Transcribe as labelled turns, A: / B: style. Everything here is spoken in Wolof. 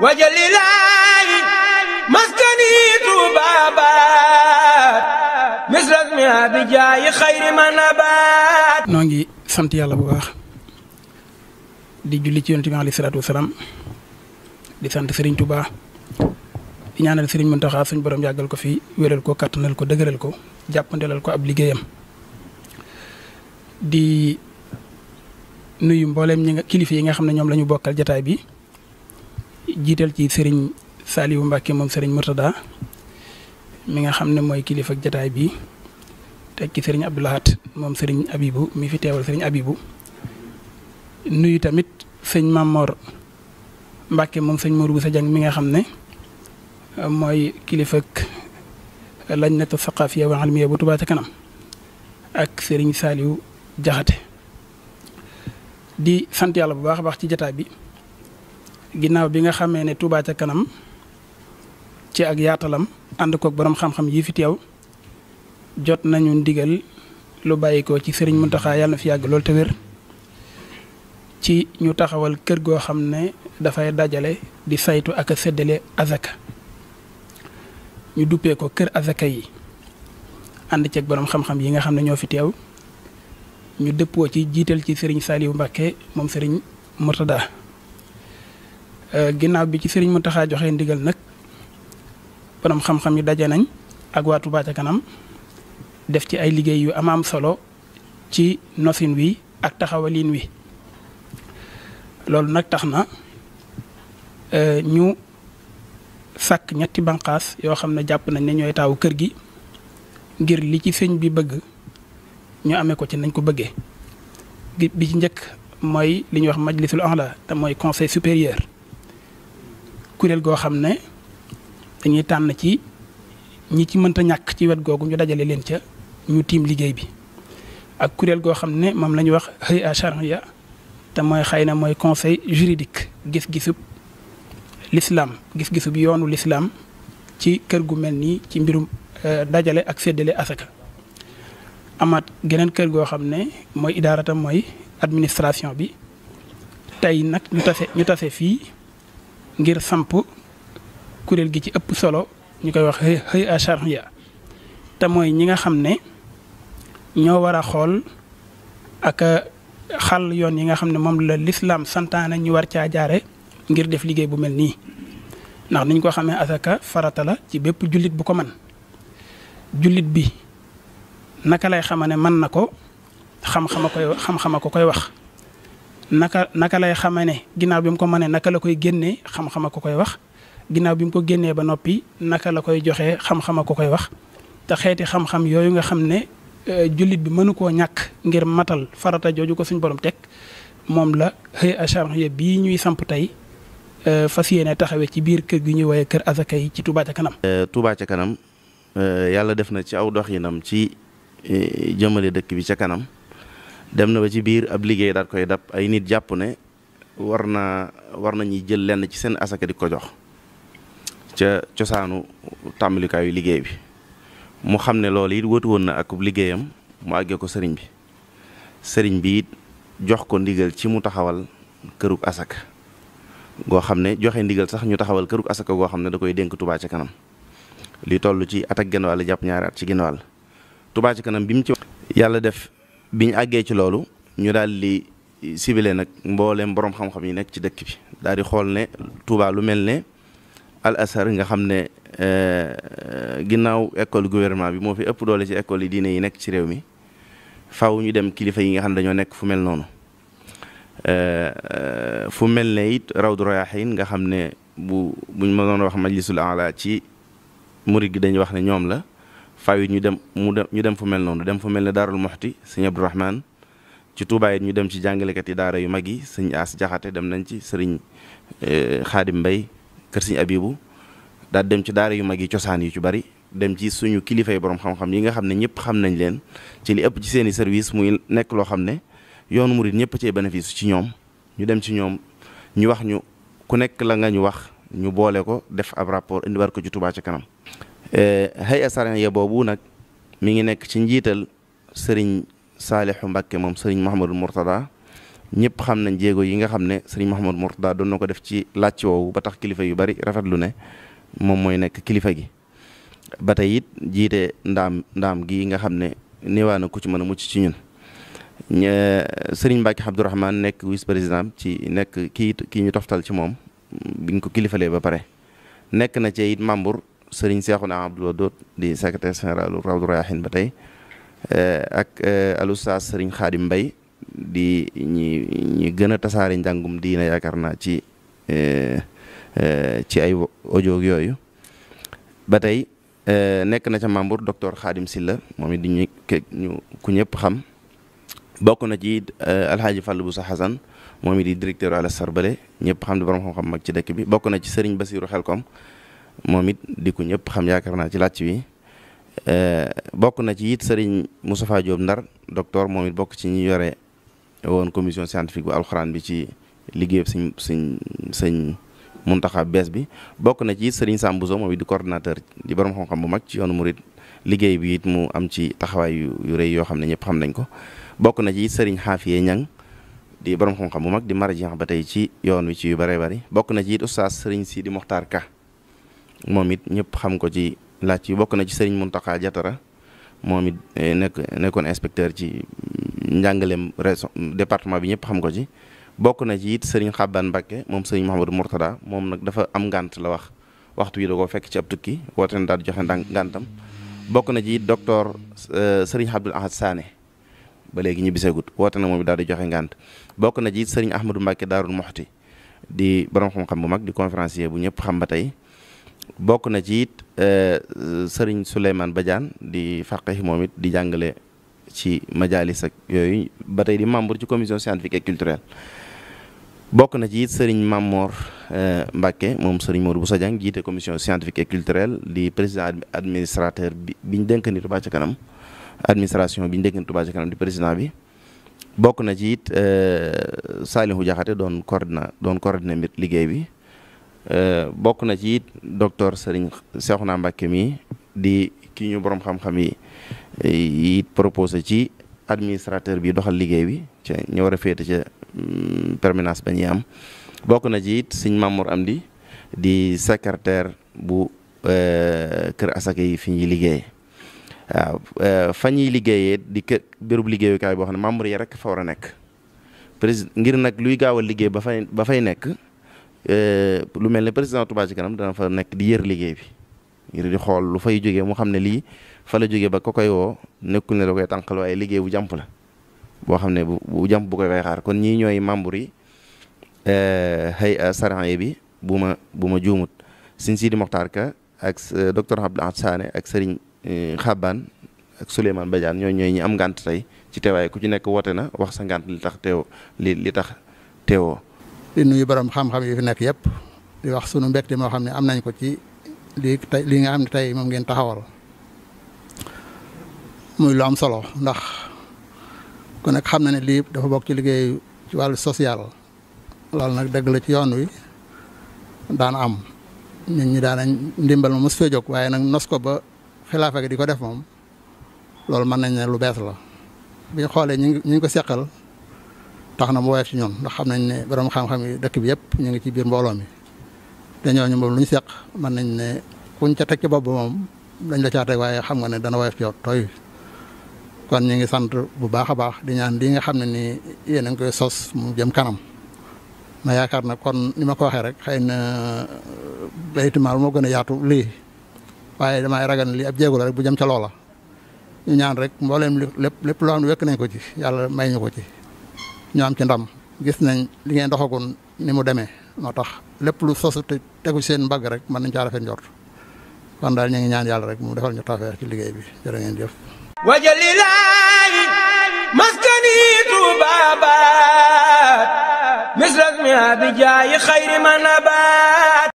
A: wajalilaayi ngi sant yàlla bu baax di julli ci yonent bi alayhi salaatu wasalaam di sant Serigne Touba di ñaanal Serigne Mountakha suñu borom yàggal ko fi wéral ko kattanal ko dëgëral ko jàppandalal ko ab liggéeyam di nuyu mbooleem ñi nga kilifa yi nga xam ne ñoom la ñu bokkal jataay bi. jiital ci sëriñ Saliou Mbacke moom sëriñ Murtada mi nga xam ne mooy kilifa ak jataay bi teg ci sëriñ Abdou Lahat moom sëriñ Abibu mi fi teewal sëriñ Abibu nuyu tamit sëñ Mamor Mbacke moom sëñ Mor bu sa jàng mi nga xam ne mooy kilifa ak lajnatu saqaafiya wa almiya bu Touba ca kanam ak sëriñ Saliou Jaxate di sant yàlla bu baax a baax ci jataay bi. ginnaaw bi nga xamee ne Touba ca kanam ci ak yaatalam ànd koog borom xam-xam yi fi teew jot nañu ndigal lu bàyyi ko ci Serigne Mountakha yàlla na fi yàgg lool te wér ci ñu taxawal kër goo xam ne dafay dajale di saytu ak a séddale azaka ñu duppee ko kër azaka yi ànd ceeg boroom xam-xam yi nga xam ne ñoo fi teew ñu dëppoo ci jiital ci sëriñ Saliou Mbacké moom sëriñ Mourtada Euh, ginnaaw bi ci sëriñ Mountakha joxe ndigal nag borom xam-xam yi daje nañ ak waatu Touba kanam def ci ay liggéey yu am am solo ci nosin wi ak taxawalin wi loolu nag tax na euh, ñu sàkk ñetti banqaas yoo xam ne jàpp nañ ne ñooy taawu kër gi ngir li ci sëñ bi bëgg ñu amee ko ci nañ ko bëggee bi ci njëkk mooy li ñu wax majlisul a'la te mooy conseil supérieur kuréel goo xam ne dañuy tànn ci ñi ci mënta ñàkk ci wet googu ñu dajale leen ca ñu tiim liggéey bi ak kuréel goo xam ne moom la ñu wax hay'a shar'iyya te mooy xëy na mooy conseil juridique gis-gisub l'islam gis-gisub yoonu lislaam ci kër gu mel nii ci mbirum euh, dajale ak séddale asaka amat geneen kër goo xam ne mooy idaaratam mooy administration bi tey nag ñu tase ñu tase fii ngir samp kuréel gi ci ëpp solo ñu koy wax xëy xëy a charia te mooy ñi nga xam ne ñoo war a xool ak xal yoon yi nga xam ne moom la lislaam santaane ñu war caa jaare ngir def liggéey bu mel nii ndax niñ ko xamee asaka farata la ci bépp jullit bu ko man jullit bi naka lay xama ne mën na ko xam-xama koy xam-xama ko koy wax naka naka lay xamee ne ginnaaw bi mu ko manee naka la koy génnee xam-xama ko koy wax ginnaaw bi mu ko génnee ba noppi naka la koy joxe xam-xama ko koy wax te xeeti xam-xam yooyu nga xam ne euh, jullit bi mënu koo ñàkk ngir matal farata jooju ko suñ borom teg moom la xëy a charge bii ñuy samp tey euh, fas yéene taxawee ci biir kër gi ñuy woowee kër azaka yi ci Touba ca kanam.
B: Euh, Touba ca kanam yàlla def na ci aw doxinam ci jëmale dëkk bi ca kanam. dem na ba ci biir ab liggéey daal koy dab ay nit jàpp ne war na war nañuy jël lenn ci seen asaka di ko jox ca cosaanu tàmbalikaayu liggéey bi mu xam ne lool it wëtu woon na ak liggéeyam mu àggee ko sëriñ bi sëriñ bi it jox ko ndigal ci mu taxawal kërug asaka goo xam ne joxe ndigal sax ñu taxawal kërug asaka goo xam ne da koy dénk Touba ca kanam li tollu ci at ak genn jàpp ñaari at ci genn wàll Touba kanam bi mu ci yàlla def biñ àggee ci loolu ñu daal di sibile nag mbooleem boroom xam-xam yi nekk ci dëkk bi daal di xool ne tuubaa lu mel ne al asar nga xam ne euh, ginnaaw école guvernement bi moo fi ëpp doole ci école yi diine yi nekk ci réew mi faw ñu dem kilifa yi nga xam ne dañoo nekk fu mel noonu euh, euh, fu mel ne it rawdu rayaxiin nga xam ne bu buñ ma doon wax majlisul ala ci murid gi dañuy wax ne ñoom la faw yi ñu dem mu ñu dem fu mel noonu dem fu mel ne daarul moxti sëñ abdourahman ci Touba it ñu dem ci jàngalekat yi daara yu mag yi sëñ aas jaxate dem nañ ci sëriñ eh, xaadim mbay kër sëñ abibu daal dem ci daara yu mag yi cosaan yu ci bari dem ci suñu kilifay borom xam-xam yi nga xam ne ñëpp xam nañ leen ci li ëpp ci seen i service muy nekk loo xam ne yoonu murit ñëpp cee bénéfice ci ñoom ñu dem ci ñoom ñu wax ñu ku nekk la nga ñu wax ñu boole ko def ab rapport indiwaat ko ci Touba ci kanam Eh, haya saraniya boobu nag mi ngi nekk ci njiital sëriñ Saalixu Mbàkke moom sëriñ Mahamadul Murtada ñëpp xam nañ jéego yi nga xam ne sëriñ Mahamadul Murtada doon na ko def ci làcc woowu ba tax kilifa yu bari rafetlu ne moom mooy nekk kilifa gi ba tey it jiite ndam ndaam gi nga xam ne niwaa na ku ci mën a mucc ci ñun sëriñ Mbàkke Abdourahman nekk vice président ci nekk ki kii ñu toftal ci moom biñ ko kilifalee ba pare nekk na ci it membre sëriñ Seexuna Abdul Wadood di secrétaire général Rawdu Rayaahin ba tey eh, ak eh, alustaas sëriñ Xaadim Mbay di ñi ñi gën a tasaare njàngum diina yaakaar naa ci eh, ci ay audio yooyu ba tey nekk na ca membre docteur Xaadim Silla moom it di ñu ñu ku ñëpp xam bokk na ci alxaaji fallu bu sa Xasan moom it di directeur Alassar Bale ñëpp xam di borom xam-xam mag ci dëkk bi bokk na ci sëriñ Basiiru Xelkom moom it di ku ñëpp xam yaakaar naa ci làcc wi eh, bokk na ci it sëriñ Moustapha Diop Ndar docteur moom it bokk ci ñu yore woon commission scientifique bu alxuraan bi ci liggéeyam sëñ sëñ sëñ Muntaxa bees bi bokk na ci it sëriñ Sam Bousso di coordinateur di borom xam mag ci yoonu murit liggéey bi it mu am ci taxawaay yu rëy yoo xam ne ñëpp xam nañ ko bokk na ci it sëriñ Xaafiye Ñang di borom xam-xam bu mag di marjian ba tey ci yoon wi ci yu bëree bari bokk na ci it oustaz sëriñ di Moxtaar Ka moom it ñëpp xam ko ci laaj yi bokk na ci sëriñ Muntaxa Jatara moom it eh, nekk nekkoon inspecteur ci njàngaleem département bi ñëpp xam ko ci bokk na ci it sëriñ Xabbaan Mbakke moom sëriñ Mouhamadou Mourtada moom nag dafa am ngànt la wax waxtu wi da koo fekk ci ab tukki woote na daal joxe ndànk ngàntam bokk na ci it docteur eh, sëriñ Abdoul Ahad Sané ba léegi ñu biseegut woote na moom daal di joxe ngànt bokk na ci it sëriñ Ahmadou Mbakke Daarul Moxti di borom xam-xam bu mag di conférencier bu ñëpp xam ba tey bokk na ci it euh, sëriñ Souleymane Badiane di faqih moom it di jàngale ci majalis ak yooyu ba tey di membre ci commission scientifique et culturelle bokk na ci it sëriñ Mamor euh, Mbacke moom sëriñ moor Bousso Dieng jiite commission scientifique et culturelle di président administrateur bi biñ dénkandi Touba ci kanam administration biñ dénkandi Touba ca kanam di président bi bokk na ci it euh, Salihu Jaxate doon coordina doon liggéey bi Euh, bokk na ci it docteur Serigne Cheikhouna Mbacké mi di ki ñu borom xam-xam yi it proposé ci administrateur bi doxal liggéey bi ca ñu war a féete ca mm, permanence ba ñuy am bokk na ci it Serigne Mamour Amdi di secrétaire bu euh, kër asaka yi fi ñuy liggéey waaw euh, fa ñuy liggéeyee di kër bérub liggéeyukaay boo xam ne membre yi rek fa war a nekk président ngir nag luy gaaw a liggéey ba fay ba fay nekk. Euh, lu mel ne président Touba ci kanam dana fa nekk di yër liggéey bi ngir di xool lu fay jógee mu xam ne lii fa la jógee ba ko koy woo nekkul ne da koy tànqal waaye liggéey bu jàmp la boo xam ne bu bu jàmp bu koy fay xaar kon ñii ñooy membre yi xëy euh, euh, saran bi bu ma bu ma juumut Sëñ Sidi Mokhtar Ka ak docteur Abdou Ahad Sané ak Serigne Xaban ak Souleymane Badiane ñooñu ñooy ñi am ngànt tey ci teewaay ku ci nekk woote na wax sa ngànt tax teew li li tax teewoo
C: di nuyu borom xam-xam yi fi nekk yépp di wax sunu mbégte moo xam ne am nañ ko ci lii tey lii nga xam ne tey moom ngeen taxawal muy lu am solo ndax kon nag xam na ne lii dafa bokk ci liggéey ci wàllu social loolu nag dëgg la ci yoon wi daan am ñun ñi daanañ ndimbal ma mos fee jóg waaye nag nos ko ba xilaafa gi di ko def moom loolu mën nañ ne lu bees la bi ñu xoolee ñu ngi ko seqal tax na mu woyof ci ñun ndax xam nañ ne borom xam yi dëkk bi yëpp ñu ngi ci biir mbooloo mi te seq mën nañ ne kuñ ca teg ci bopp moom dañ la caa waaye xam nga ne dana woyof ci yow tooy kon ñu ngi sant bu baax a baax di ñaan di nga xam ne nii yéen a ngi koy sos mu jëm kanam ma yaakaar na kon ni ma ko waxee rek xëy na euh, baytimaal moo gën a yaatu lii waaye damay ragal ne lii ab jéego rek bu jëm ca loola ñu ñaan rek mbooleem lépp lépp loo xam wekk nañ ko ci yàlla may ñu ko ci ñu ci ndam gis nañ li ngeen doxagoon ni mu demee moo tax lépp lu sosu te tegu seen mbag rek mën nañ caa rafet njort kon daal ñu ngi ñaan yàlla rek mu defal ñu tawfeex ci liggéey bi jërë ngeen jëf
A: wajalilaahi maskani tubabat misrak mi abijaayi xayri manabat